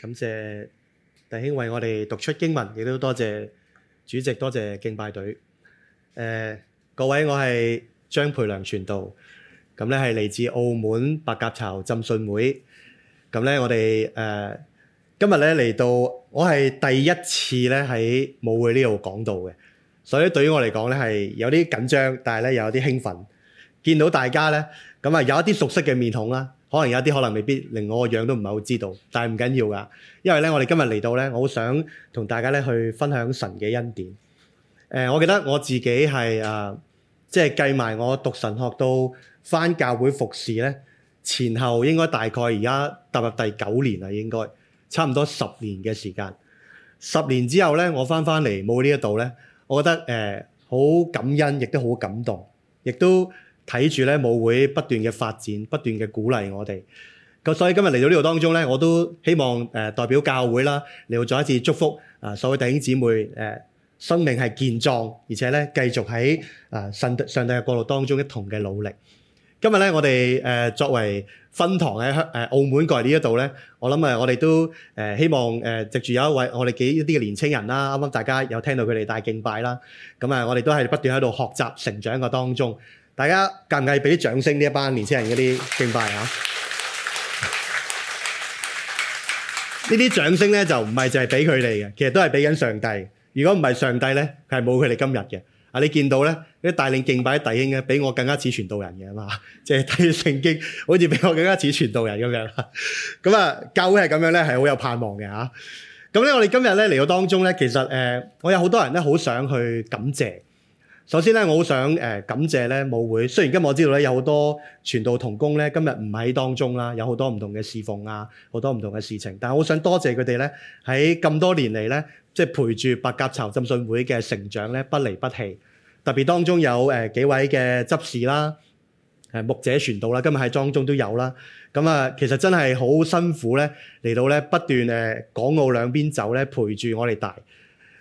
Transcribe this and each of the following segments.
感謝弟兄為我哋讀出經文，亦都多謝主席，多謝敬拜隊。誒，各位，我係張培良傳道。咁咧係嚟自澳門白鴿巢浸信會。咁咧，我哋誒今日咧嚟到，我係第一次咧喺旺浸呢度講道嘅，所以對於我嚟講咧係有啲緊張，但係咧又有啲興奮。見到大家咧，咁啊有一啲熟悉嘅面孔啦。可能有一啲可能未必令我個樣都唔係好知道，但係唔緊要噶，因為咧我哋今日嚟到咧，我好想同大家咧去分享神嘅恩典。誒、呃，我記得我自己係誒、呃，即係計埋我讀神學到翻教會服侍咧，前後應該大概而家踏入第九年啦，應該差唔多十年嘅時間。十年之後咧，我翻翻嚟冇呢一度咧，我覺得誒好、呃、感恩，亦都好感動，亦都。睇住咧，母會不斷嘅發展，不斷嘅鼓勵我哋。咁所以今日嚟到呢度當中咧，我都希望誒代表教會啦，嚟到再一次祝福啊，所有弟兄姊妹誒，生命係健壯，而且咧繼續喺啊神上帝嘅國度當中一同嘅努力。今日咧，我哋誒作為分堂喺香誒澳門過嚟呢一度咧，我諗誒我哋都誒希望誒藉住有一位我哋幾一啲嘅年青人啦，啱啱大家有聽到佢哋帶敬拜啦。咁啊，我哋都係不斷喺度學習成長嘅當中。大家介唔介意俾啲掌聲呢一班年青人一啲敬拜啊？呢啲 掌聲呢，就唔係淨係俾佢哋嘅，其實都係俾緊上帝。如果唔係上帝咧，係冇佢哋今日嘅。啊，你見到呢，啲帶領敬拜嘅弟兄咧，比我更加似傳道人嘅嘛，即係睇住聖經，好似比我更加似傳道人咁樣。咁 啊，教會係咁樣咧，係好有盼望嘅啊。咁咧，我哋今日咧嚟到當中呢，其實、呃、我有好多人咧，好想去感謝。首先咧，我好想誒感謝咧母會。雖然今日我知道咧有好多傳道同工咧今日唔喺當中啦，有好多唔同嘅侍奉啊，好多唔同嘅事情。但係我好想多謝佢哋咧，喺咁多年嚟咧，即係陪住白鴿巢浸信會嘅成長咧，不離不棄。特別當中有誒幾位嘅執事啦，誒牧者傳道啦，今日喺當中都有啦。咁啊，其實真係好辛苦咧，嚟到咧不斷誒港澳兩邊走咧，陪住我哋大。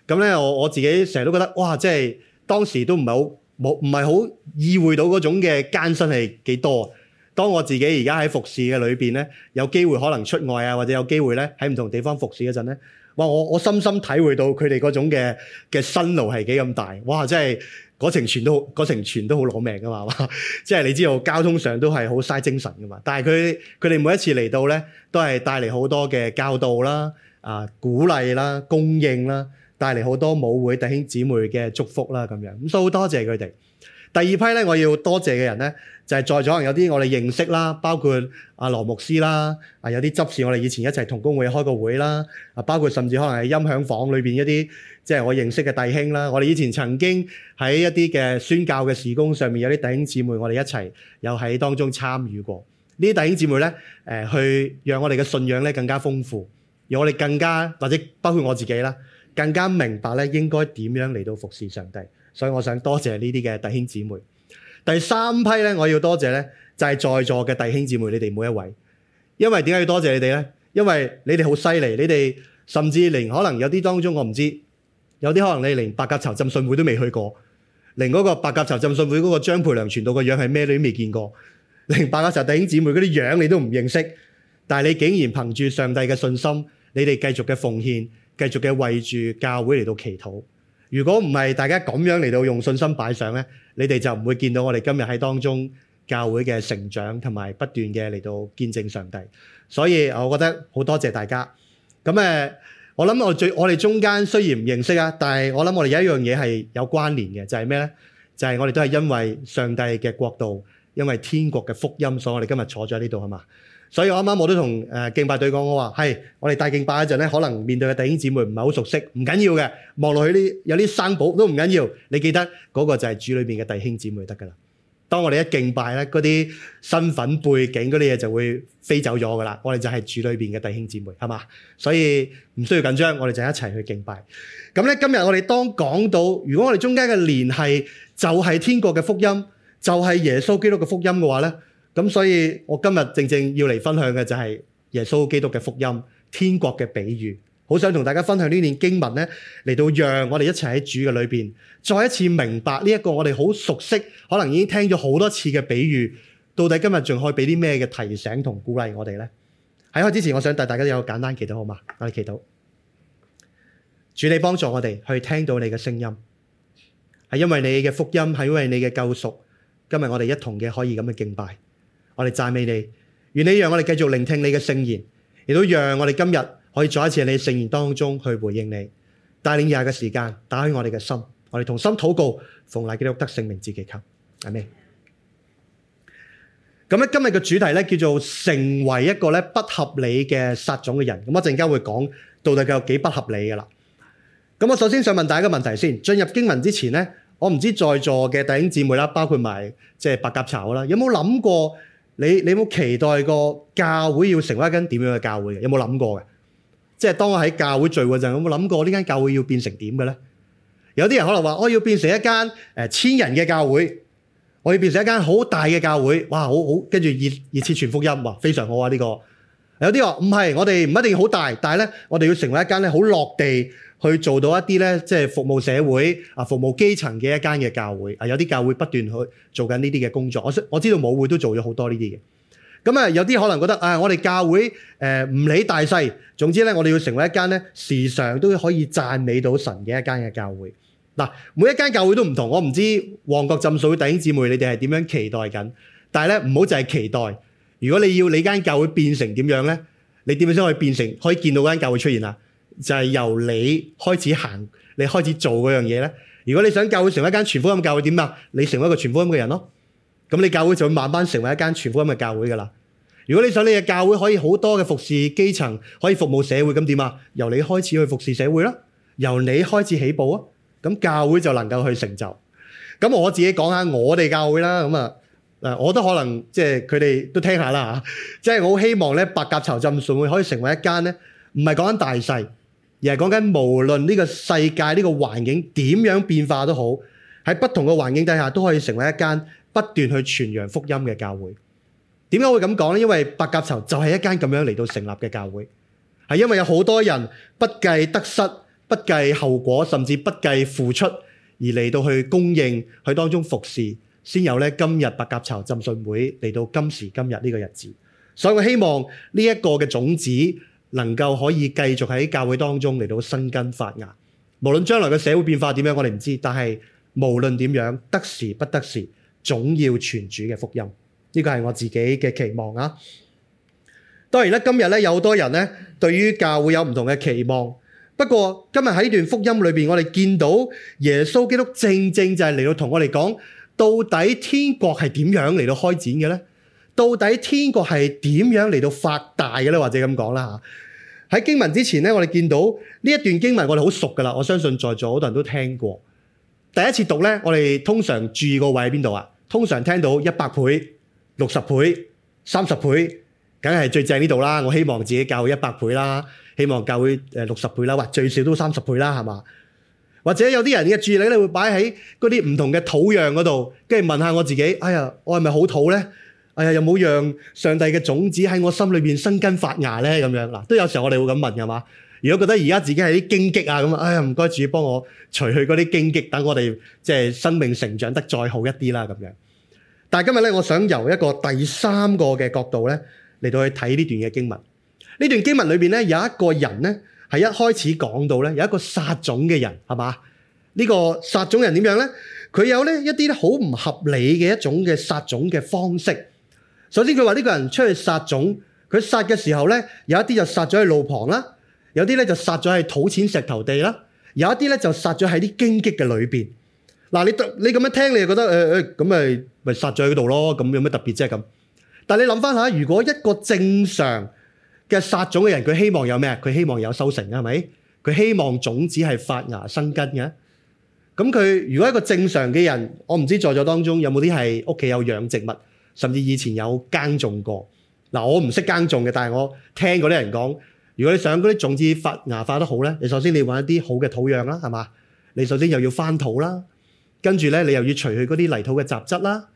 咁咧，我我自己成日都覺得哇，即係～當時都唔係好冇，唔係好意會到嗰種嘅艱辛係幾多。當我自己而家喺服侍嘅裏邊咧，有機會可能出外啊，或者有機會咧喺唔同地方服侍嗰陣咧，哇！我我深深體會到佢哋嗰種嘅嘅辛勞係幾咁大。哇！真係嗰程船都嗰程船都好攞命㗎嘛，係嘛？即係你知道交通上都係好嘥精神㗎嘛。但係佢佢哋每一次嚟到咧，都係帶嚟好多嘅教導啦、啊鼓勵啦、供應啦。帶嚟好多母會弟兄姊妹嘅祝福啦，咁樣咁都好多謝佢哋。第二批咧，我要多謝嘅人咧，就係、是、在咗可能有啲我哋認識啦，包括阿羅牧師啦，啊有啲執事，我哋以前一齊同工會開個會啦，啊包括甚至可能係音響房裏邊一啲即係我認識嘅弟兄啦。我哋以前曾經喺一啲嘅宣教嘅事工上面有啲弟兄姊妹，我哋一齊又喺當中參與過。呢啲弟兄姊妹咧，誒、呃、去讓我哋嘅信仰咧更加豐富，讓我哋更加或者包括我自己啦。更加明白咧，應該點樣嚟到服侍上帝？所以我想多謝呢啲嘅弟兄姊妹。第三批咧，我要多謝咧，就係在座嘅弟兄姊妹，你哋每一位。因為點解要多謝你哋咧？因為你哋好犀利，你哋甚至連可能有啲當中我唔知，有啲可能你連白鴿巢浸信會都未去過，連嗰個白鴿巢浸信會嗰個張培良傳道個樣係咩你都未見過，連白鴿巢弟兄姊妹嗰啲樣你都唔認識，但係你竟然憑住上帝嘅信心，你哋繼續嘅奉獻。繼續嘅為住教會嚟到祈禱。如果唔係大家咁樣嚟到用信心擺上咧，你哋就唔會見到我哋今日喺當中教會嘅成長同埋不斷嘅嚟到見證上帝。所以我覺得好多謝大家。咁誒，我諗我最我哋中間雖然唔認識啊，但係我諗我哋有一樣嘢係有關聯嘅，就係咩咧？就係、是、我哋都係因為上帝嘅國度，因為天國嘅福音，所以我哋今日坐咗喺呢度係嘛。所以我啱啱我都同敬拜隊講，我話係我哋帶敬拜嗰陣咧，可能面對嘅弟兄姊妹唔係好熟悉，唔緊要嘅，望落去啲有啲生保都唔緊要。你記得嗰、那個就係主裏面嘅弟兄姊妹得㗎喇。當我哋一敬拜咧，嗰啲身份背景嗰啲嘢就會飛走咗㗎喇。我哋就係主裏面嘅弟兄姊妹，係嘛？所以唔需要緊張，我哋就一齊去敬拜。咁咧，今日我哋當講到，如果我哋中間嘅聯繫就係天國嘅福音，就係、是、耶穌基督嘅福音嘅話呢。咁所以，我今日正正要嚟分享嘅就係耶穌基督嘅福音、天國嘅比喻，好想同大家分享呢段經文咧，嚟到讓我哋一齊喺主嘅裏邊，再一次明白呢一個我哋好熟悉，可能已經聽咗好多次嘅比喻，到底今日仲可以俾啲咩嘅提醒同鼓勵我哋咧？喺開始之前，我想帶大家有個簡單祈禱，好嘛？我哋祈禱，主你幫助我哋去聽到你嘅聲音，係因為你嘅福音，係因為你嘅救贖，今日我哋一同嘅可以咁去敬拜。我哋讚美你，願你讓我哋繼續聆聽你嘅聖言，亦都讓我哋今日可以再一次喺你聖言當中去回應你。帶領以下嘅時間，打開我哋嘅心，我哋同心禱告，奉禮基督得聖名之祈求，阿們。咁咧，今日嘅主題咧叫做成為一個咧不合理嘅撒種嘅人。咁我陣間會講到底佢有幾不合理噶啦。咁我首先想問大家一個問題先，進入經文之前咧，我唔知在座嘅弟兄姊妹啦，包括埋即係白鴿草啦，有冇諗過？你你有冇期待過教會要成為一間點樣嘅教會有冇諗過嘅？即係當我喺教會聚會嗰陣，有冇諗過呢間教會要變成點嘅咧？有啲人可能話：我要變成一間誒千人嘅教會，我要變成一間好大嘅教會，哇，好好跟住熱熱切傳福音，哇，非常好啊呢個。有啲話唔係，我哋唔一定要好大，但係咧，我哋要成為一間咧好落地。去做到一啲咧，即係服務社會啊，服務基層嘅一間嘅教會啊，有啲教會不斷去做緊呢啲嘅工作。我我知道母會都做咗好多呢啲嘅。咁、嗯、啊，有啲可能覺得啊、呃，我哋教會誒唔、呃、理大細，總之咧，我哋要成為一間咧時常都可以讚美到神嘅一間嘅教會。嗱，每一間教會都唔同，我唔知旺角浸信會弟兄姊妹你哋係點樣期待緊，但係咧，唔好就係期待。如果你要你間教會變成點樣咧，你點樣先可以變成可以見到間教會出現啊？就係由你開始行，你開始做嗰樣嘢咧。如果你想教會成為一間全福音教會點啊？你成為一個全福音嘅人咯，咁你教會就會慢慢成為一間全福音嘅教會噶啦。如果你想你嘅教會可以好多嘅服侍基層，可以服務社會咁點啊？由你開始去服侍社會啦，由你開始起步啊，咁教會就能夠去成就。咁我自己講下我哋教會啦，咁、呃、啊，我都可能即係佢哋都聽下啦嚇。即係我好希望咧，白鴿巢浸信會可以成為一間咧，唔係講緊大細。而係講緊無論呢個世界呢個環境點樣變化都好，喺不同嘅環境底下都可以成為一間不斷去傳揚福音嘅教會。點解會咁講呢？因為白鴿巢就係一間咁樣嚟到成立嘅教會，係因為有好多人不計得失、不計後果，甚至不計付出，而嚟到去供應去當中服侍。先有咧今日白鴿巢浸信會嚟到今時今日呢個日子。所以我希望呢一個嘅種子。能夠可以繼續喺教會當中嚟到生根發芽，無論將來嘅社會變化點樣，我哋唔知，但係無論點樣，得時不得時，總要傳主嘅福音。呢個係我自己嘅期望啊！當然啦，今日咧有好多人咧對於教會有唔同嘅期望，不過今日喺呢段福音裏邊，我哋見到耶穌基督正正就係嚟到同我哋講，到底天國係點樣嚟到開展嘅咧？到底天國係點樣嚟到發大嘅咧？或者咁講啦嚇。喺經文之前咧，我哋見到呢一段經文，我哋好熟噶啦。我相信在座好多人都聽過。第一次讀咧，我哋通常注意個位喺邊度啊？通常聽到一百倍、六十倍、三十倍，梗係最正呢度啦。我希望自己教一百倍啦，希望教會誒六十倍啦，或最少都三十倍啦，係嘛？或者有啲人嘅注意力咧，會擺喺嗰啲唔同嘅土壤嗰度，跟住問下我自己：「哎呀，我係咪好土咧？哎呀，又冇讓上帝嘅種子喺我心裏面生根發芽呢。咁樣嗱，都有時候我哋會咁問嘅嘛。如果覺得而家自己係啲荊棘啊咁啊，哎呀，唔該主幫我除去嗰啲荊棘，等我哋即係生命成長得再好一啲啦，咁樣。但係今日咧，我想由一個第三個嘅角度咧，嚟到去睇呢段嘅經文。呢段經文裏邊咧，有一個人咧，係一開始講到咧，有一個撒種嘅人，係嘛？呢個撒種人點樣咧？佢有咧一啲好唔合理嘅一種嘅撒種嘅方式。首先佢話呢個人出去撒種，佢撒嘅時候咧，有一啲就撒咗喺路旁啦，有啲咧就撒咗喺土淺石頭地啦，有一啲咧就撒咗喺啲荊棘嘅裏面。嗱，你你咁樣聽，你就覺得誒誒，咁咪咪撒咗喺度咯？咁有咩特別啫？咁，但係你諗翻下，如果一個正常嘅撒種嘅人，佢希望有咩？佢希望有收成呀，係咪？佢希望種子係發芽生根嘅。咁佢如果一個正常嘅人，我唔知在座當中有冇啲係屋企有養植物？甚至以前有耕種過嗱，我唔識耕種嘅，但係我聽嗰啲人講，如果你想嗰啲種子發芽發得好咧，你首先你要揾一啲好嘅土壤啦，係嘛？你首先又要翻土啦，跟住咧你又要除去嗰啲泥土嘅雜質啦，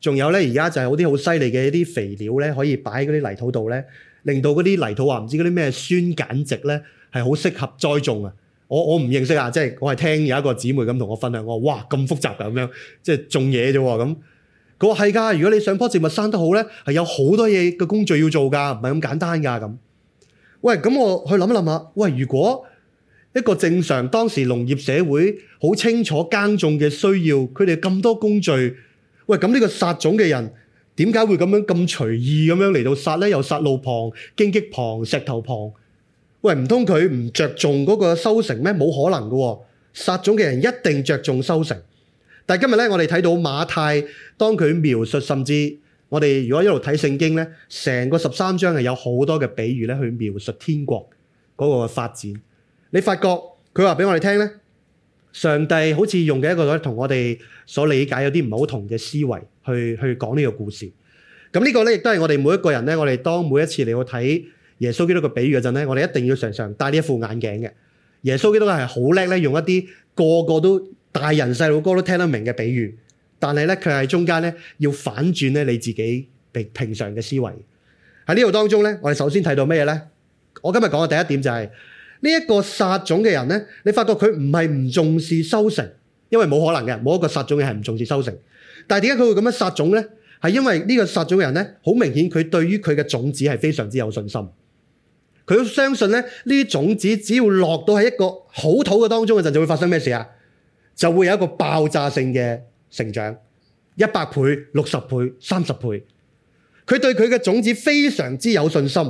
仲有咧而家就係好啲好犀利嘅一啲肥料咧，可以擺喺嗰啲泥土度咧，令到嗰啲泥土話唔知嗰啲咩酸鹼值咧，係好適合栽種啊！我我唔認識啊，即係我係聽有一個姊妹咁同我分享，我話哇，咁複雜㗎，咁樣即係種嘢啫喎咁。佢話係噶，如果你上棵植物生得好咧，係有好多嘢嘅工序要做噶，唔係咁簡單噶咁。喂，咁我去諗一諗吓。喂，如果一個正常當時農業社會好清楚耕種嘅需要，佢哋咁多工序，喂，咁呢個撒種嘅人點解會咁樣咁隨意咁樣嚟到撒咧？又撒路旁、荊棘旁、石頭旁。喂，唔通佢唔着重嗰個收成咩？冇可能噶，哦，撒種嘅人一定着重收成。但係今日咧，我哋睇到馬太當佢描述，甚至我哋如果一路睇聖經咧，成個十三章係有好多嘅比喻咧去描述天國嗰個發展。你發覺佢話俾我哋聽咧，上帝好似用嘅一個同我哋所理解有啲唔係好同嘅思維去去講呢個故事。咁、嗯這個、呢個咧亦都係我哋每一個人咧，我哋當每一次你要睇耶穌基督嘅比喻嗰陣咧，我哋一定要常常戴呢一副眼鏡嘅。耶穌基督係好叻咧，用一啲個個都。大人細路哥都聽得明嘅比喻，但係呢，佢喺中間呢，要反轉你自己平常嘅思維喺呢度當中呢，我哋首先睇到咩呢？我今日講嘅第一點就係呢一個撒種嘅人呢，你發覺佢唔係唔重視收成，因為冇可能嘅，冇一個撒種嘅人唔重視收成。但係點解佢會咁樣撒種呢？係因為呢個撒種嘅人呢，好明顯佢對於佢嘅種子係非常之有信心，佢相信呢呢啲種子只要落到喺一個好土嘅當中嗰陣，就會發生咩事啊？就會有一個爆炸性嘅成長，一百倍、六十倍、三十倍。佢對佢嘅種子非常之有信心。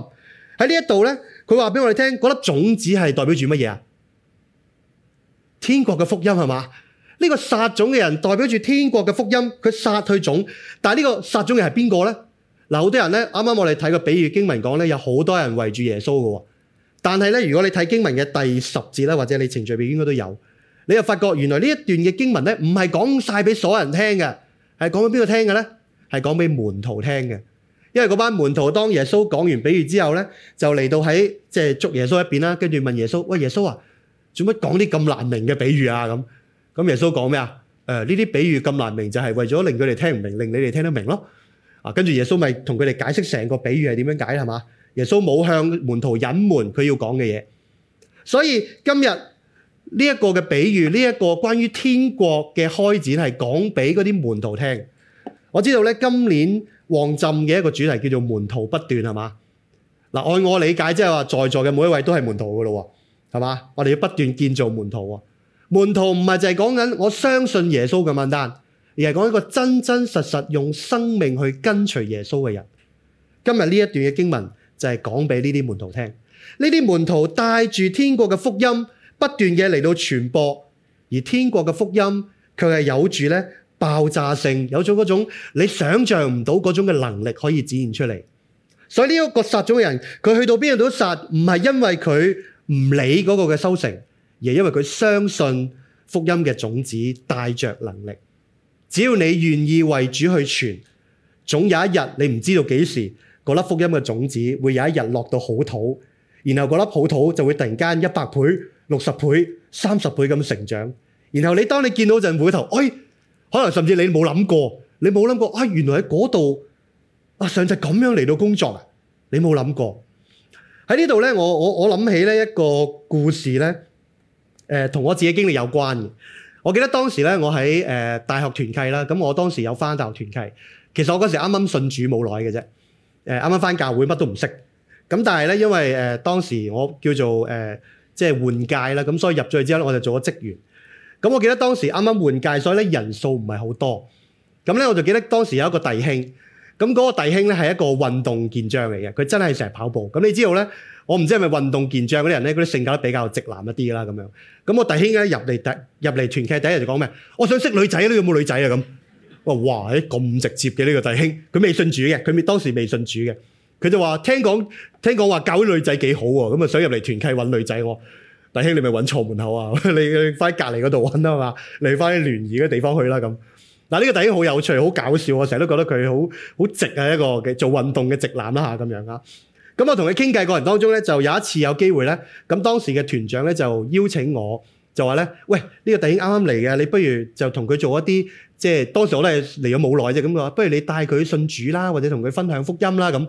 喺呢一度咧，佢話俾我哋聽，嗰、那、粒、個、種子係代表住乜嘢啊？天國嘅福音係嘛？呢、這個殺種嘅人代表住天國嘅福音。佢殺退種，但係呢個殺種嘅人係邊個呢？嗱，好多人呢，啱啱我哋睇過比喻經文講咧，有好多人圍住耶穌噶。但係呢，如果你睇經文嘅第十節咧，或者你的程序表應該都有。你就發覺原來呢一段嘅經文咧，唔係講晒俾所有人聽嘅，係講俾邊個聽嘅咧？係講俾門徒聽嘅，因為嗰班門徒當耶穌講完比喻之後咧，就嚟到喺即係捉耶穌一邊啦，跟住問耶穌，喂，耶穌啊，做乜講啲咁難明嘅比喻啊？咁咁耶穌講咩啊？誒，呢啲比喻咁難明就係為咗令佢哋聽唔明，令你哋聽得明咯。啊，跟住耶穌咪同佢哋解釋成個比喻係點樣解係嘛？耶穌冇向門徒隱瞞佢要講嘅嘢，所以今日。呢一個嘅比喻，呢、這、一個關於天國嘅開展係講俾嗰啲門徒聽。我知道咧，今年旺浸嘅一個主題叫做門徒不斷係嘛？嗱，按我理解，即係話在座嘅每一位都係門徒噶咯喎，係嘛？我哋要不斷建造門徒。門徒唔係就係講緊我相信耶穌咁簡單，但而係講一個真真實實用生命去跟隨耶穌嘅人。今日呢一段嘅經文就係講俾呢啲門徒聽，呢啲門徒帶住天國嘅福音。不斷嘅嚟到傳播，而天國嘅福音卻係有住爆炸性，有咗嗰種種你想象唔到嗰種嘅能力可以展現出嚟。所以呢一個撒種人，佢去到邊度都撒，唔係因為佢唔理嗰個嘅收成，而係因為佢相信福音嘅種子帶着能力。只要你願意為主去傳，總有一日你唔知道幾時嗰粒福音嘅種子會有一日落到好土，然後嗰粒好土就會突然間一百倍。六十倍、三十倍咁成長，然後你當你見到陣回頭，哎，可能甚至你冇諗過，你冇諗過啊！原來喺嗰度啊，上次咁樣嚟到工作啊，你冇諗過喺呢度咧。我我我諗起咧一個故事咧，誒同我自己經歷有關嘅。我記得當時咧，我喺誒大學團契啦，咁我當時有返大學團契。其實我嗰時啱啱信主冇耐嘅啫，誒啱啱返教會乜都唔識。咁但係咧，因為誒當時我叫做誒。即係換屆啦，咁所以入咗去之後咧，我就做咗職員。咁我記得當時啱啱換屆，所以咧人數唔係好多。咁咧我就記得當時有一個弟兄，咁嗰個弟兄咧係一個運動健將嚟嘅，佢真係成日跑步。咁你知道咧，我唔知係咪運動健將嗰啲人咧，嗰啲性格都比較直男一啲啦咁樣。咁我弟兄咧入嚟第入嚟團契第一日就講咩？我想識女仔，呢有冇女仔啊？咁哇哇，咁直接嘅呢個弟兄，佢未信主嘅，佢未當時未信主嘅。佢就話：聽講，聽講話搞女仔幾好喎，咁啊想入嚟團契揾女仔。我大兄你咪揾錯門口啊！ 你你翻隔離嗰度揾啦嘛，你翻去聯誼嘅地方去啦咁。嗱，呢個弟兄好有趣，好搞笑啊！成日都覺得佢好好直啊，一個嘅做運動嘅直男啦嚇咁樣啊。咁我同佢傾偈過程當中咧，就有一次有機會咧，咁當時嘅團長咧就邀請我，就話咧：喂，呢個弟兄啱啱嚟嘅，你不如就同佢做一啲即係當時我咧嚟咗冇耐啫，咁話不如你帶佢信主啦，或者同佢分享福音啦咁。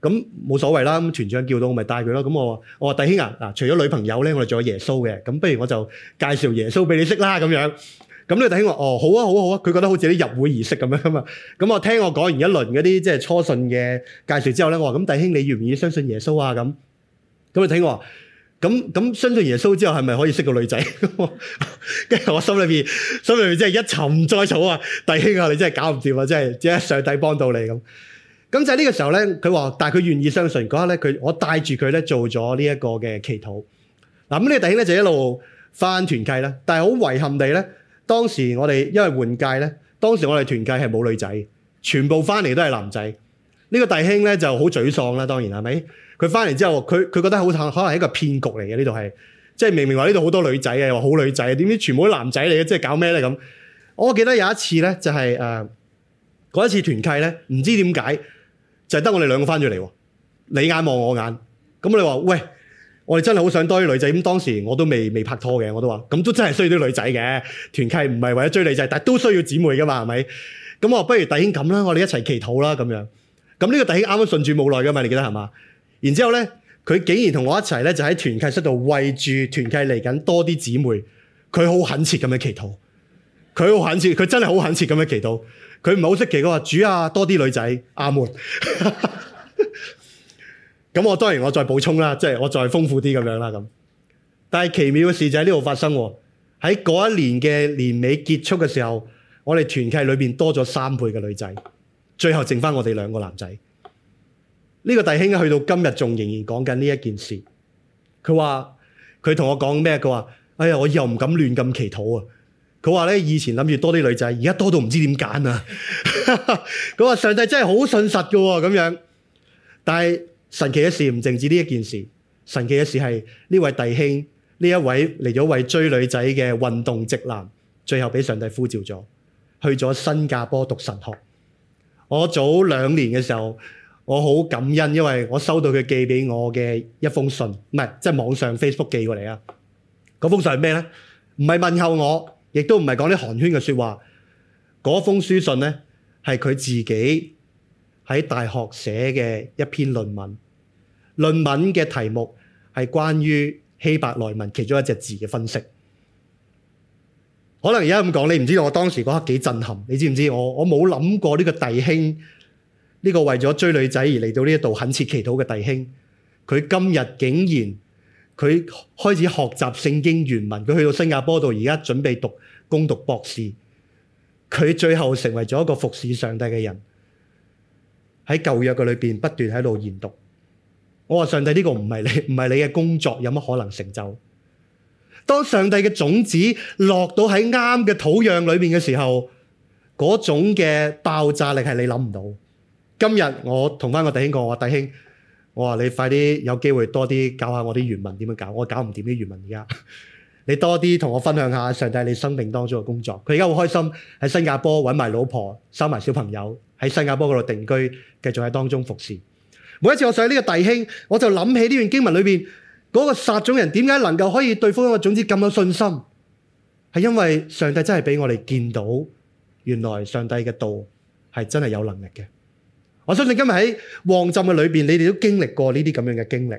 咁冇所謂啦，咁團長叫到我咪帶佢咯。咁我話我話弟兄啊，嗱除咗女朋友咧，我哋仲有耶穌嘅。咁不如我就介紹耶穌俾你識啦。咁樣咁你弟兄話：哦，好啊，好啊，好啊。佢覺得好似啲入會儀式咁樣啊嘛。咁我聽我講完一輪嗰啲即係初信嘅介紹之後咧，我話：咁弟兄你願唔願意相信耶穌啊？咁咁你聽我咁咁相信耶穌之後係咪可以識個女仔？跟住我， 我心裏邊心裏邊真係一沉再草啊！弟兄啊，你真係搞唔掂啊！真係只係上帝幫到你咁。咁就係呢個時候咧，佢話：但係佢願意相信嗰刻咧，佢我帶住佢咧做咗呢一個嘅祈禱。嗱咁呢個弟兄咧就一路翻團契啦。但係好遺憾地咧，當時我哋因為換屆咧，當時我哋團契係冇女仔，全部翻嚟都係男仔。呢個弟兄咧就好沮喪啦，當然係咪？佢翻嚟之後，佢佢覺得好可能係一個騙局嚟嘅呢度係，即係明明話呢度好多女仔嘅，又話好女仔，點知全部啲男仔嚟嘅？即係搞咩咧咁？我記得有一次咧，就係誒嗰一次團契咧，唔知點解。就係得我哋兩個翻咗嚟，你眼望我眼，咁你話喂，我哋真係好想多啲女仔。咁當時我都未未拍拖嘅，我都話咁都真係需要啲女仔嘅。團契唔係為咗追女仔，但都需要姊妹噶嘛，係咪？咁我不如弟兄咁啦，我哋一齊祈禱啦咁樣。咁呢個弟兄啱啱信主冇耐噶嘛，你記得係嘛？然之後咧，佢竟然同我一齊咧，就喺團契室度為住團契嚟緊多啲姊妹，佢好懇切咁樣祈禱，佢好懇切，佢真係好懇切咁樣祈禱。佢唔係好識祈，佢話主啊，多啲女仔，阿門。咁我當然我再補充啦，即係我再豐富啲咁樣啦咁。但係奇妙嘅事就喺呢度發生喎。喺嗰一年嘅年尾結束嘅時候，我哋團契裏邊多咗三倍嘅女仔，最後剩返我哋兩個男仔。呢個弟兄去到今日仲仍然講緊呢一件事。佢話佢同我講咩？佢話哎呀，我又唔敢亂咁祈禱啊。佢話咧以前諗住多啲女仔，而家多到唔知點揀啊！佢 話上帝真係好信實噶喎，哦，咁樣。但係神奇嘅事唔淨止呢一件事，神奇嘅事係呢位弟兄呢一位嚟咗位追女仔嘅運動直男，最後俾上帝呼召咗，去咗新加坡讀神學。我早兩年嘅時候，我好感恩，因為我收到佢寄俾我嘅一封信，唔係即係網上 Facebook 寄過嚟啊。嗰封信係咩咧？唔係問候我。亦都唔係講啲寒暄嘅説話，嗰封書信呢，係佢自己喺大學寫嘅一篇論文。論文嘅題目係關於希伯來文其中一隻字嘅分析。可能而家咁講，你唔知道我當時嗰刻幾震撼。你知唔知我我冇諗過呢個弟兄，呢個為咗追女仔而嚟到呢一度懇切祈禱嘅弟兄，佢今日竟然佢開始學習聖經原文，佢去到新加坡度而家準備讀。攻讀博士，佢最後成為咗一個服侍上帝嘅人，喺舊約嘅裏邊不斷喺度研讀。我話上帝呢個唔係你，唔係你嘅工作，有乜可能成就？當上帝嘅種子落到喺啱嘅土壤裏面嘅時候，嗰種嘅爆炸力係你諗唔到。今日我同翻個弟兄講，我話弟兄，我話你快啲有機會多啲搞下我啲原文點樣搞，我搞唔掂啲原文而家。你多啲同我分享下上帝你生命當中嘅工作。佢而家好開心喺新加坡揾埋老婆、收埋小朋友喺新加坡嗰度定居，繼續喺當中服侍。每一次我想到呢個弟兄，我就諗起呢段經文裏邊嗰個撒種人點解能夠可以對福音嘅種子咁有信心？係因為上帝真係俾我哋見到，原來上帝嘅道係真係有能力嘅。我相信今日喺旺浸嘅裏邊，你哋都經歷過呢啲咁樣嘅經歷。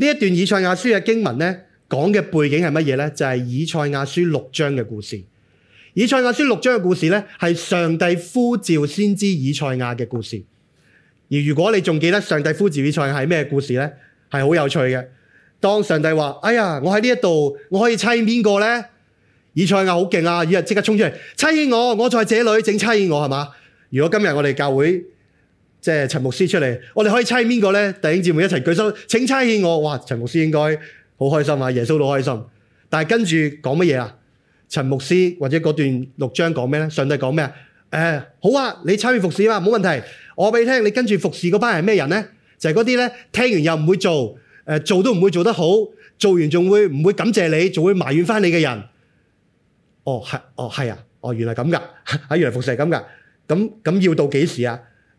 呢一段以賽亞書嘅經文呢，講嘅背景係乜嘢呢？就係、是、以賽亞書六章嘅故事。以賽亞書六章嘅故事呢，係上帝呼召先知以賽亞嘅故事。而如果你仲記得上帝呼召以賽亞係咩故事呢？係好有趣嘅。當上帝話：哎呀，我喺呢一度，我可以差遣邊個呢？」以賽亞好勁啊，以日即刻衝出嚟差遣我，我在這裏請差遣我係嘛？如果今日我哋教會，即係陳牧師出嚟，我哋可以猜邊個咧？弟兄姊妹一齊舉手，請猜起我。哇，陳牧師應該好開心啊，耶穌都開心。但係跟住講乜嘢啊？陳牧師或者嗰段六章講咩咧？上帝講咩啊？誒、呃，好啊，你參與服侍啊嘛，冇問題。我俾你聽，你跟住服侍嗰班係咩人咧？就係嗰啲咧，聽完又唔會做，誒、呃，做都唔會做得好，做完仲會唔會感謝你，仲會埋怨翻你嘅人。哦，係，哦係啊，哦原嚟咁噶，喺原嚟服侍係咁噶。咁咁要到幾時啊？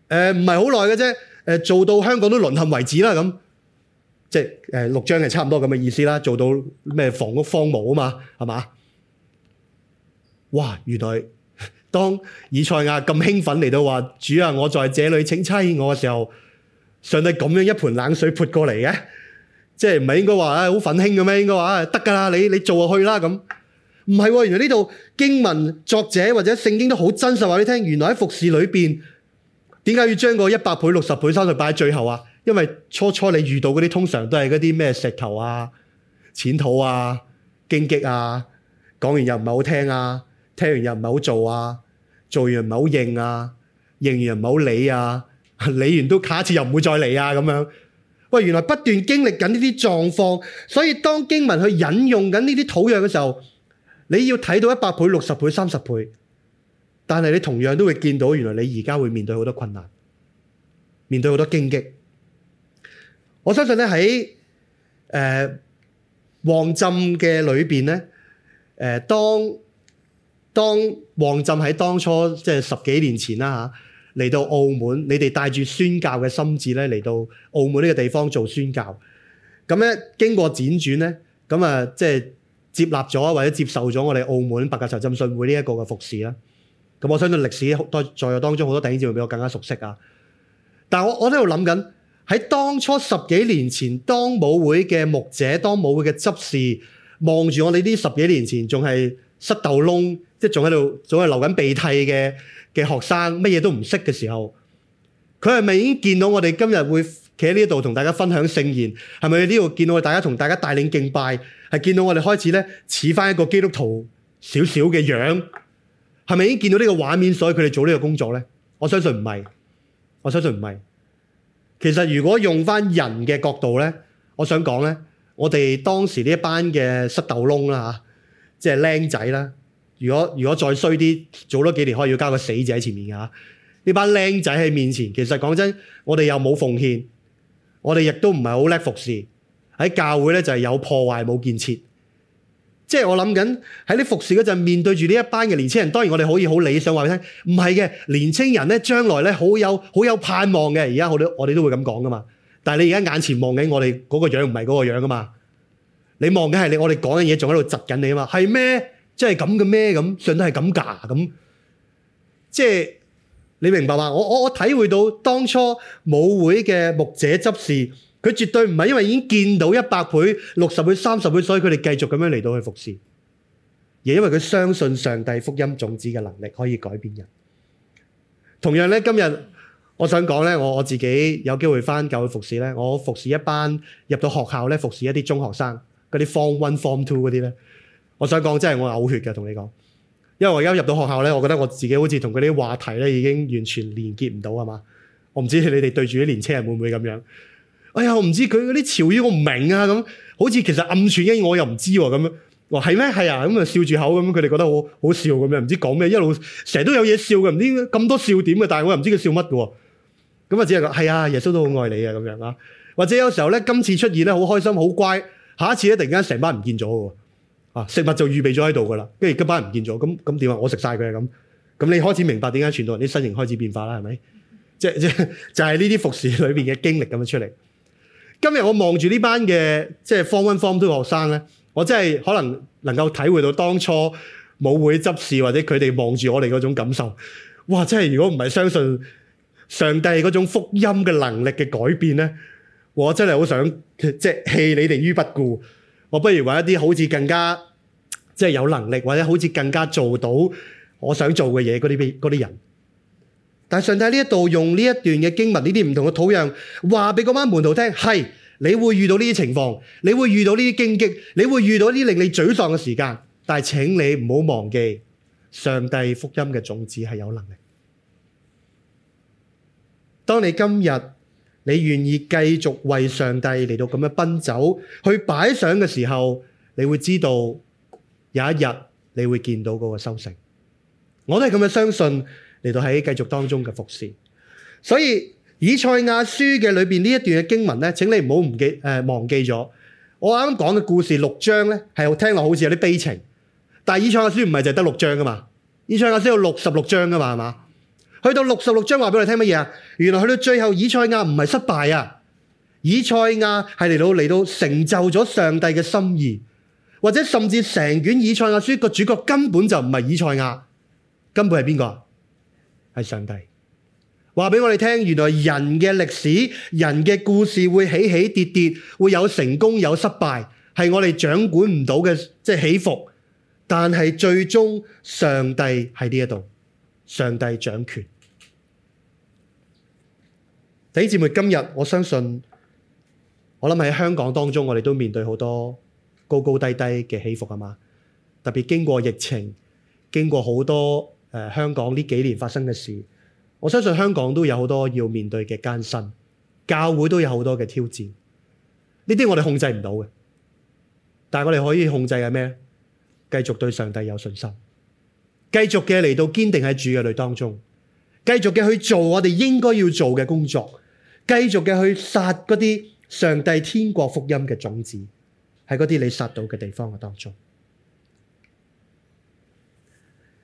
誒唔係好耐嘅啫，誒、呃呃、做到香港都淪陷為止啦咁，即係誒、呃、六章係差唔多咁嘅意思啦。做到咩房屋荒蕪啊嘛，係嘛？哇！原來當以賽亞咁興奮嚟到話主啊，我在這裏，請差遣我嘅時候，上帝咁樣一盆冷水潑過嚟嘅，即係唔係應該話啊好奮興咁咩？應該話得㗎啦，你你做落去啦咁。唔係喎，原來呢度經文作者或者聖經都好真實話你聽，原來喺服侍裏邊。點解要將個一百倍、六十倍、三十倍擺喺最後啊？因為初初你遇到嗰啲通常都係嗰啲咩石頭啊、淺土啊、荊棘啊，講完又唔好聽啊，聽完又唔好做啊，做完唔好認啊，認完又唔好理啊，理完都下一次又唔會再嚟啊，咁樣。喂，原來不斷經歷緊呢啲狀況，所以當經文去引用緊呢啲土壤嘅時候，你要睇到一百倍、六十倍、三十倍。但係你同樣都會見到，原來你而家會面對好多困難，面對好多荊棘。我相信咧喺誒旺浸嘅裏邊咧，誒、呃、當當旺浸喺當初即係十幾年前啦吓，嚟、啊、到澳門，你哋帶住宣教嘅心志咧嚟到澳門呢個地方做宣教，咁咧經過輾轉咧，咁啊即係接納咗或者接受咗我哋澳門白鴿巢浸信會呢一個嘅服侍啦。我相信歷史在在當中，好多弟兄姊妹比我更加熟悉啊！但我我喺度諗緊，喺當初十幾年前，當母會嘅牧者，當母會嘅執事，望住我哋呢十幾年前仲係塞豆窿，即係仲喺度，仲流緊鼻涕嘅嘅學生，乜嘢都唔識嘅時候，佢係咪已經見到我哋今日會企喺呢度同大家分享聖言？係咪喺呢度見到我們大家同大家帶領敬拜，係見到我哋開始咧似返一個基督徒小小嘅樣子？係咪已經見到呢個畫面，所以佢哋做呢個工作呢？我相信唔係，我相信唔係。其實如果用返人嘅角度咧，我想講咧，我哋當時呢一班嘅塞豆窿啦，即係靚仔啦。如果如果再衰啲，早多幾年可以要加個死字喺前面嘅嚇。呢班靚仔喺面前，其實講真，我哋又冇奉獻，我哋亦都唔係好叻服侍，喺教會咧就係、是、有破壞冇建設。即係我諗緊喺啲服侍嗰陣面對住呢一班嘅年青人，當然我哋可以好理想話畀你聽，唔係嘅，年青人咧將來咧好有好有盼望嘅。而家我哋我哋都會咁講噶嘛。但係你而家眼前望緊我哋嗰個樣唔係嗰個樣啊嘛。你望緊係你我哋講嘅嘢仲喺度窒緊你啊嘛。係咩？即係咁嘅咩咁？上帝係咁㗎咁。即係你明白嘛？我我我體會到當初母會嘅牧者執事。佢絕對唔係因為已經見到一百倍、六十倍、三十倍，所以佢哋繼續咁樣嚟到去服侍。而因為佢相信上帝福音種子嘅能力可以改變人。同樣呢，今日我想講呢，我我自己有機會翻教會服侍呢。呢我服侍一班入到學校呢，服侍一啲中學生嗰啲 Form One、Form Two 嗰啲呢，我想講真係我嘔血嘅，同你講，因為我而家入到學校呢，我覺得我自己好似同佢啲話題呢已經完全連結唔到啊嘛。我唔知你哋對住啲年青人會唔會咁樣。哎呀，我唔知佢嗰啲潮語我唔明啊，咁好似其實暗傳嘅，我又唔知喎咁樣。話係咩？係啊，咁啊笑住口咁，佢哋覺得好好笑咁樣，唔知講咩，一路成日都有嘢笑嘅，唔知咁多笑點嘅，但係我又唔知佢笑乜嘅喎。咁啊，只係講係啊，耶穌都好愛你啊咁樣啊，或者有時候咧，今次出現咧好開心好乖，下一次咧突然間成班唔見咗喎，啊食物就預備咗喺度嘅啦，跟住嗰班唔見咗，咁咁點啊？我食晒佢咁，咁你開始明白點解傳道人啲身形開始變化啦？係咪？即係即係就係呢啲服侍裏邊嘅經歷咁樣出嚟。今日我望住呢班嘅即係 Form One、Form Two 學生咧，我真係可能能夠體會到當初冇會執事或者佢哋望住我哋嗰種感受。哇！真係如果唔係相信上帝嗰種福音嘅能力嘅改變咧，我真係好想即係棄你哋於不顧，我不如揾一啲好似更加即係有能力或者好似更加做到我想做嘅嘢嗰啲嗰啲人。但係上帝呢一度用呢一段嘅經文，呢啲唔同嘅土壤，話俾嗰班門徒聽，係你會遇到呢啲情況，你會遇到呢啲荊棘，你會遇到呢啲令你沮喪嘅時間，但係請你唔好忘記，上帝福音嘅種子係有能力。當你今日你願意繼續為上帝嚟到咁樣奔走，去擺上嘅時候，你會知道有一日你會見到嗰個收成。我都係咁樣相信。嚟到喺繼續當中嘅服侍。所以以賽亞書嘅裏邊呢一段嘅經文呢，請你唔好唔記忘記咗。呃，忘記咗我啱講嘅故事六章呢，係聽落好似有啲悲情，但以賽亞書唔係淨係得六章㗎嘛？以賽亞書有六十六章㗎嘛？係咪？去到六十六章話俾你聽乜嘢？原來去到最後，以賽亞唔係失敗啊！以賽亞係嚟到嚟到成就咗上帝嘅心意，或者甚至成卷以賽亞書個主角根本就唔係以賽亞，根本係邊個？係上帝話俾我哋聽，原來人嘅歷史、人嘅故事會起起跌跌，會有成功有失敗，係我哋掌管唔到嘅，即係起伏。但係最終，上帝喺呢一度，上帝掌權。弟兄姊妹，今日我相信，我諗喺香港當中，我哋都面對好多高高低低嘅起伏，係嘛？特別經過疫情，經過好多。誒、呃，香港呢幾年發生嘅事，我相信香港都有好多要面對嘅艱辛，教會都有好多嘅挑戰。呢啲我哋控制唔到嘅，但係我哋可以控制係咩咧？繼續對上帝有信心，繼續嘅嚟到堅定喺主嘅裏當中，繼續嘅去做我哋應該要做嘅工作，繼續嘅去撒嗰啲上帝天國福音嘅種子喺嗰啲你撒到嘅地方嘅當中。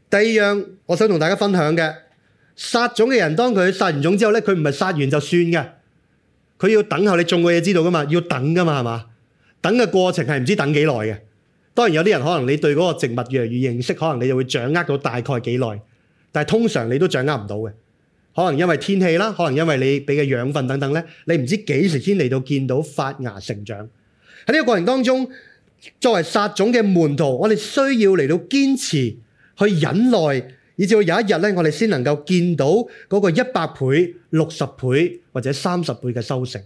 第二樣，我想同大家分享嘅，撒種嘅人，當佢殺完種之後呢，佢唔係殺完就算嘅，佢要等候你種嘅嘢知道㗎嘛，要等㗎嘛，係咪？等嘅過程係唔知道等幾耐嘅。當然有啲人可能你對嗰個植物越嚟越認識，可能你就會掌握到大概幾耐，但係通常你都掌握唔到嘅。可能因為天氣啦，可能因為你俾嘅養分等等呢，你唔知幾時先嚟到見到發芽成長。喺呢個過程當中，作為撒種嘅門徒，我哋需要嚟到堅持。去忍耐，以至於有一日咧，我哋先能夠見到嗰個一百倍、六十倍或者三十倍嘅收成。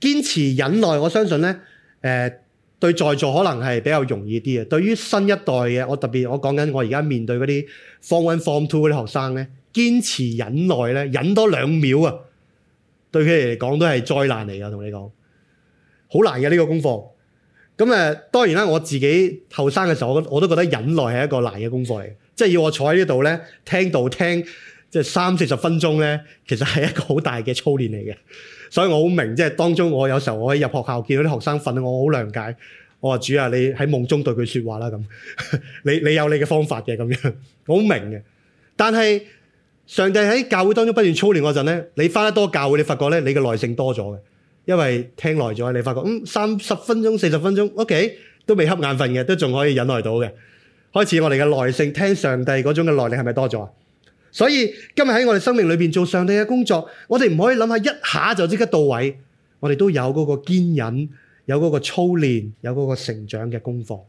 堅持忍耐，我相信咧，誒、呃，對在座可能係比較容易啲嘅。對於新一代嘅，我特別我講緊我而家面對嗰啲 Form One、Form Two 嗰啲學生咧，堅持忍耐咧，忍多兩秒啊，對佢哋嚟講都係災難嚟㗎。同你講，好難嘅呢、這個功課。咁誒，當然啦，我自己後生嘅時候，我我都覺得忍耐係一個難嘅功課嚟嘅，即係要我坐喺呢度咧，聽到聽，即係三四十分鐘咧，其實係一個好大嘅操練嚟嘅。所以我好明，即係當中我有時候我可以入學校見到啲學生瞓，我好諒解。我話主啊，你喺夢中對佢説話啦，咁你你有你嘅方法嘅咁樣，我好明嘅。但係上帝喺教會當中不斷操練嗰陣咧，你返得多教會，你發覺咧，你嘅耐性多咗嘅。因為聽耐咗，你發覺咁、嗯、三十分鐘、四十分鐘，OK，都未瞌眼瞓嘅，都仲可以忍耐到嘅。開始我哋嘅耐性，聽上帝嗰種嘅耐力係咪多咗？所以今日喺我哋生命裏邊做上帝嘅工作，我哋唔可以諗下一下就即刻到位。我哋都有嗰個堅忍，有嗰個操練，有嗰個成長嘅功課。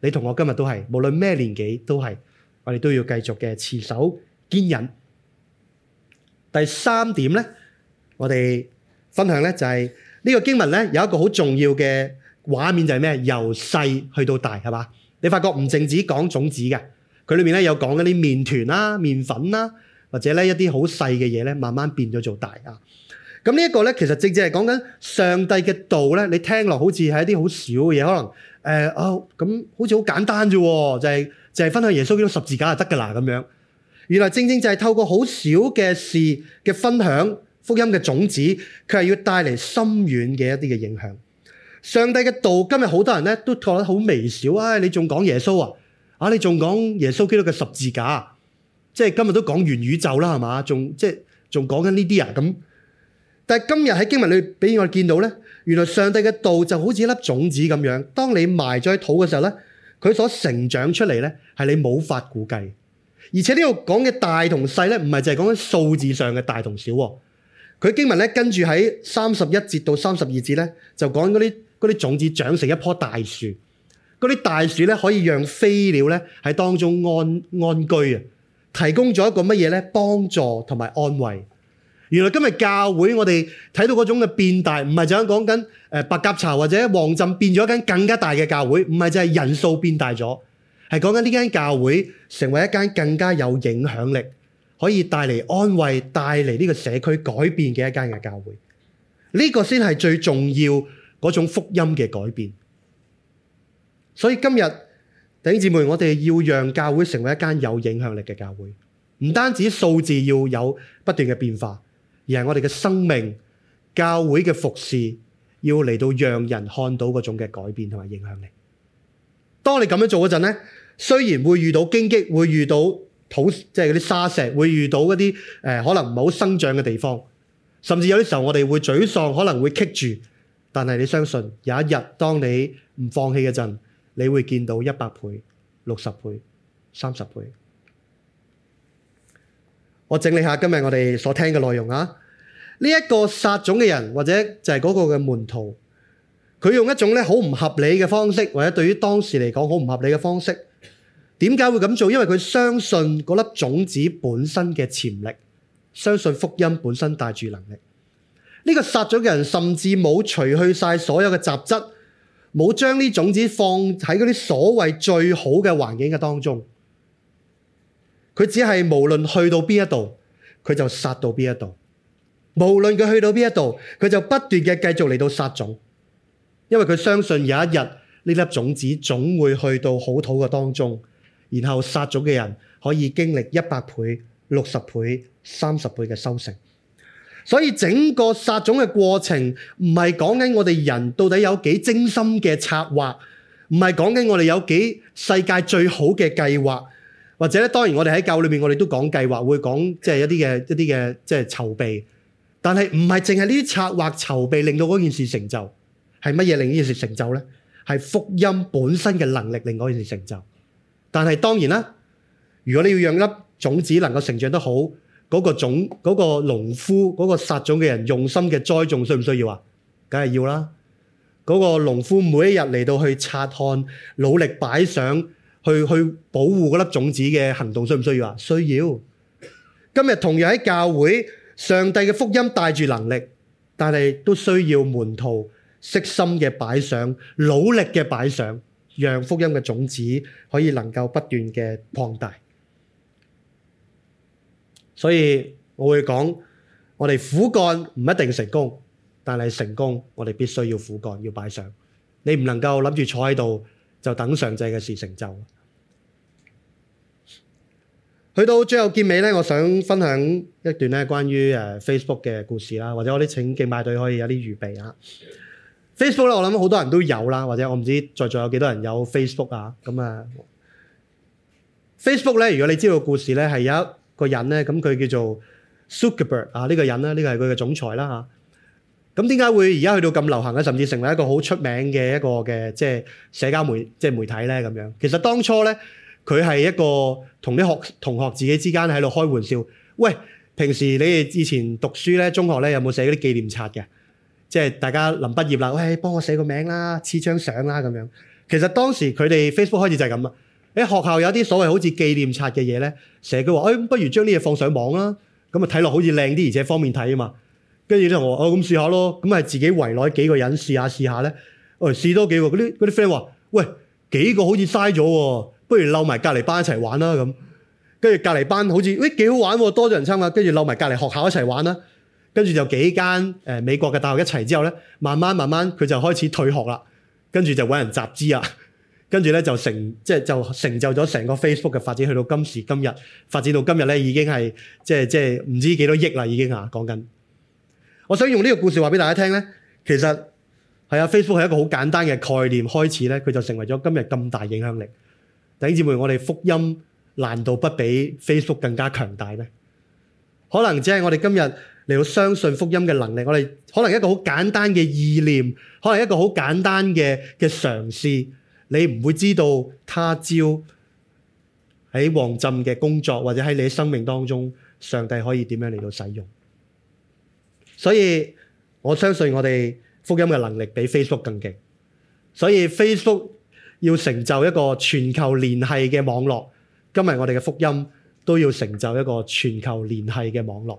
你同我今日都係，無論咩年紀都係，我哋都要繼續嘅持守堅忍。第三點咧，我哋分享咧就係、是、呢、這個經文咧有一個好重要嘅畫面就係咩？由細去到大係嘛？你發覺唔淨止講種子嘅，佢裏面咧有講一啲麵團啦、麵粉啦，或者咧一啲好細嘅嘢咧，慢慢變咗做大啊！咁、嗯這個、呢一個咧，其實正正係講緊上帝嘅道咧，你聽落好似係一啲好少嘅嘢，可能誒啊咁好似好簡單啫，就係、是、就係、是、分享耶穌基督十字架就得噶啦咁樣。原來正正就係透過好少嘅事嘅分享。福音嘅種子，佢係要帶嚟深遠嘅一啲嘅影響。上帝嘅道，今日好多人咧都覺得好微小啊、哎！你仲講耶穌啊？啊、哎，你仲講耶穌基督嘅十字架啊？即係今日都講元宇宙啦，係嘛？仲即係仲講緊呢啲啊？咁，但係今日喺經文裏俾我哋見到咧，原來上帝嘅道就好似一粒種子咁樣。當你埋咗喺土嘅時候咧，佢所成長出嚟咧係你冇法估計。而且呢度講嘅大同細咧，唔係淨係講緊數字上嘅大同小佢經文咧跟住喺三十一節到三十二節咧，就講嗰啲嗰啲種子長成一棵大樹，嗰啲大樹咧可以讓飛鳥咧喺當中安居，提供咗一個乜嘢咧？幫助同埋安慰。原來今日教會我哋睇到嗰種嘅變大，唔係就係講緊白鴿巢或者黃浸變咗一間更加大嘅教會，唔係就係人數變大咗，係講緊呢間教會成為一間更加有影響力。可以帶嚟安慰、帶嚟呢個社區改變嘅一間嘅教會，呢、這個先係最重要嗰種福音嘅改變。所以今日弟兄姊妹，我哋要讓教會成為一間有影響力嘅教會，唔單止數字要有不斷嘅變化，而係我哋嘅生命、教會嘅服事要嚟到讓人看到嗰種嘅改變同埋影響力。當你咁樣做嗰陣咧，雖然會遇到荊棘，會遇到。土即係嗰啲沙石，會遇到嗰啲誒，可能唔好生長嘅地方，甚至有啲時候我哋會沮喪，可能會棘住。但係你相信有一日，當你唔放棄嘅陣，你會見到一百倍、六十倍、三十倍。我整理下今日我哋所聽嘅內容啊！呢、這、一個撒種嘅人，或者就係嗰個嘅門徒，佢用一種咧好唔合理嘅方式，或者對於當時嚟講好唔合理嘅方式。點解會咁做？因為佢相信嗰粒種子本身嘅潛力，相信福音本身帶住能力。呢、這個撒種嘅人甚至冇除去晒所有嘅雜質，冇將呢種子放喺嗰啲所謂最好嘅環境嘅當中。佢只係無論去到邊一度，佢就撒到邊一度。無論佢去到邊一度，佢就不斷嘅繼續嚟到撒種。因為佢相信有一日呢粒種子總會去到好土嘅當中。然後撒種嘅人可以經歷一百倍、六十倍、三十倍嘅收成，所以整個撒種嘅過程唔係講緊我哋人到底有幾精心嘅策劃，唔係講緊我哋有幾世界最好嘅計劃，或者咧，當然我哋喺教裏面，我哋都講計劃，會講即係一啲嘅一啲嘅即係籌備，但係唔係淨係呢啲策劃籌備令到嗰件事成就，係乜嘢令呢件事成就呢？係福音本身嘅能力令嗰件事成就。但係當然啦，如果你要讓粒種子能夠成長得好，嗰個種嗰個農夫嗰個撒種嘅人用心嘅栽種，需唔需要啊？梗係要啦。嗰個農夫每一日嚟到去擦汗、努力擺上去、去保護嗰粒種子嘅行動，需唔需要啊？需要。今日同樣喺教會，上帝嘅福音帶住能力，但係都需要門徒悉心嘅擺上、努力嘅擺上。讓福音嘅種子可以能夠不斷嘅擴大，所以我會講，我哋苦幹唔一定成功，但係成功我哋必須要苦幹，要擺上。你唔能夠諗住坐喺度就等上帝嘅事成就。去到最後結尾呢，我想分享一段咧關於誒 Facebook 嘅故事啦，或者我哋請敬拜隊可以有啲預備啊。Facebook 咧，我諗好多人都有啦，或者我唔知在座有幾多人有 Facebook 啊？咁、嗯、啊，Facebook 咧，如果你知道個故事咧，係有一個人咧，咁佢叫做 Sukerberg 啊，呢、這個人咧，呢、這個係佢嘅總裁啦吓，咁點解會而家去到咁流行咧，甚至成為一個好出名嘅一個嘅即係社交媒即係媒體咧咁樣？其實當初咧，佢係一個同啲學同學自己之間喺度開玩笑。喂，平時你哋以前讀書咧，中學咧有冇寫啲紀念冊嘅？即係大家臨畢業啦，喂，幫我寫個名啦，黐張相啦咁樣。其實當時佢哋 Facebook 開始就係咁啦。喺、欸、學校有啲所謂好似紀念冊嘅嘢咧，成日佢話，誒、欸，不如將啲嘢放上網啦。咁啊睇落好似靚啲，而且方便睇啊嘛。跟住咧，我哦咁試下咯。咁咪自己圍內幾個人試下試下咧。哦、欸，試多幾個，嗰啲啲 friend 話，喂，幾個好似嘥咗，不如漏埋隔離班一齊玩啦咁。跟住隔離班好似，喂、欸，幾好玩喎、啊，多咗人參加。跟住漏埋隔離學校一齊玩啦。跟住就幾間、誒美國嘅大學一齊，之後呢，慢慢慢慢佢就開始退學啦。跟住就揾人集資啊，跟住呢，就成即係就成就咗成個 Facebook 嘅發展，去到今時今日發展到今日呢，已經係即係即係唔知幾多億啦，已經啊講緊。我想用呢個故事話俾大家聽呢。其實係啊 Facebook 係一個好簡單嘅概念開始呢，佢就成為咗今日咁大影響力。弟兄姊妹，我哋福音難道不比 Facebook 更加強大呢？可能只係我哋今日。嚟到相信福音嘅能力，我哋可能一個好簡單嘅意念，可能一個好簡單嘅嘅嘗試，你唔會知道他朝喺旺浸嘅工作，或者喺你生命當中，上帝可以點樣嚟到使用。所以我相信我哋福音嘅能力比 Facebook 更勁。所以 Facebook 要成就一個全球聯繫嘅網絡，今日我哋嘅福音都要成就一個全球聯繫嘅網絡。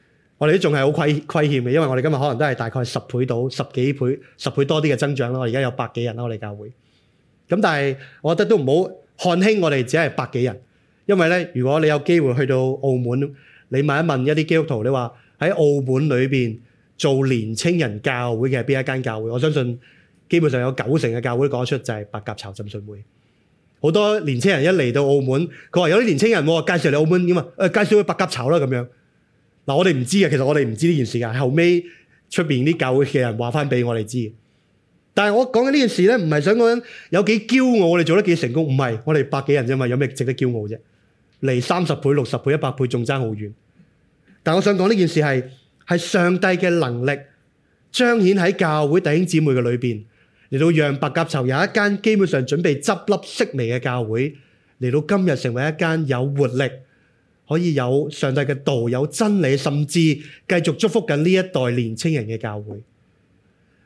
我哋都仲係好虧虧欠嘅，因為我哋今日可能都係大概十倍到十幾倍，十倍多啲嘅增長咯。我哋而家有百幾人咯，我哋教會。咁但係我覺得都唔好看輕我哋只係百幾人，因為咧，如果你有機會去到澳門，你問一問一啲基督徒，你話喺澳門裏邊做年青人教會嘅係邊一間教會？我相信基本上有九成嘅教會講得出就係白鴿巢浸信會。好多年青人一嚟到澳門，佢話有啲年青人，哦，介紹你澳門點啊，誒，哎，介紹去白鴿巢啦咁樣。嗱，我哋唔知嘅，其實我哋唔知呢件事情。後尾出面啲教會嘅人話翻俾我哋知。但係我講嘅呢件事咧，唔係想講有幾驕傲，我哋做得幾成功。唔係，我哋百幾人啫嘛，有咩值得驕傲嘅啫？離三十倍、六十倍、一百倍仲差好遠。但我想講呢件事係係上帝嘅能力彰顯喺教會弟兄姊妹嘅裏邊，嚟到讓白鴿巢有一間基本上準備執笠式微嘅教會，嚟到今日成為一間有活力，可以有上帝嘅道，有真理，甚至繼續祝福緊呢一代年青人嘅教會。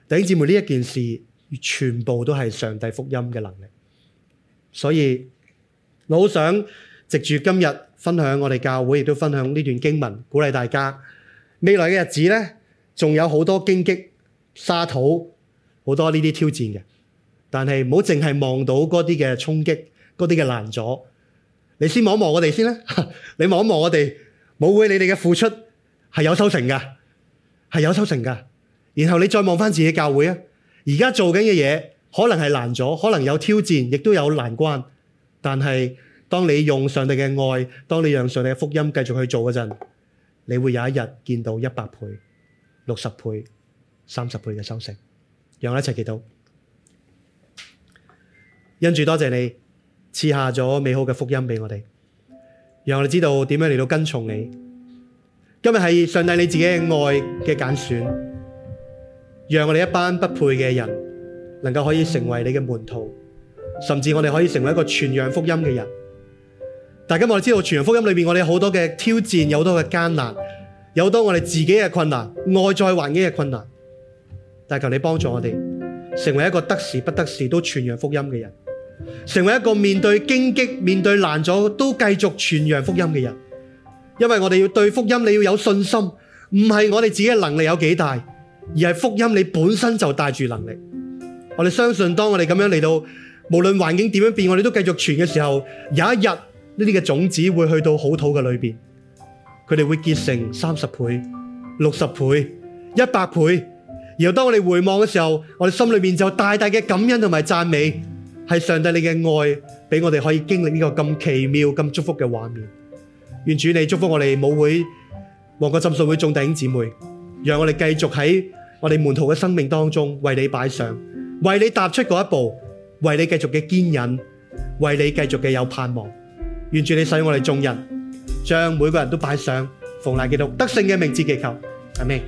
弟兄姊妹，呢一件事全部都係上帝福音嘅能力。所以我好想藉住今日分享我哋教會，亦都分享呢段經文，鼓勵大家。未來嘅日子呢，仲有好多荊棘、沙土、好多呢啲挑戰嘅。但係唔好淨係望到嗰啲嘅衝擊、嗰啲嘅難阻。你先望一望我哋先啦， 你望一望我哋，冇會你哋嘅付出係有收成嘅，係有收成嘅。然後你再望返自己的教會啊，而家做緊嘅嘢可能係難咗，可能有挑戰，亦都有難關。但係當你用上帝嘅愛，當你用上帝嘅福音繼續去做嗰陣，你會有一日見到一百倍、六十倍、三十倍嘅收成。讓我一齊祈禱。恩主多謝你。賜下咗美好嘅福音俾我哋，讓我哋知道點樣嚟到跟從你。今日係上帝你自己嘅愛嘅揀選，讓我哋一班不配嘅人，能夠可以成為你嘅門徒，甚至我哋可以成為一個傳揚福音嘅人。但係今日我哋知道傳揚福音裏面，我哋有好多嘅挑戰，有好多嘅艱難，有好多我哋自己嘅困難，外在環境嘅困難。但求你幫助我哋，成為一個得時不得時都傳揚福音嘅人。成為一個面對荊棘、面對攔阻都繼續傳揚福音嘅人，因為我哋要對福音你要有信心，唔係我哋自己嘅能力有幾大，而係福音你本身就帶住能力。我哋相信當我哋咁樣嚟到，無論環境點樣變，我哋都繼續傳嘅時候，有一日呢啲嘅種子會去到好土嘅裏邊，佢哋會結成三十倍、六十倍、一百倍。然後當我哋回望嘅時候，我哋心裏面就大大嘅感恩同埋讚美。係上帝你嘅愛，俾我哋可以經歷呢個咁奇妙、咁祝福嘅畫面。願主你祝福我哋母會旺角浸信會眾弟兄姊妹，讓我哋繼續喺我哋門徒嘅生命當中為你擺上，為你踏出嗰一步，為你繼續嘅堅忍，為你繼續嘅有盼望。願主你使我哋眾人將每個人都擺上，奉大基督得勝嘅名字祈求，阿們。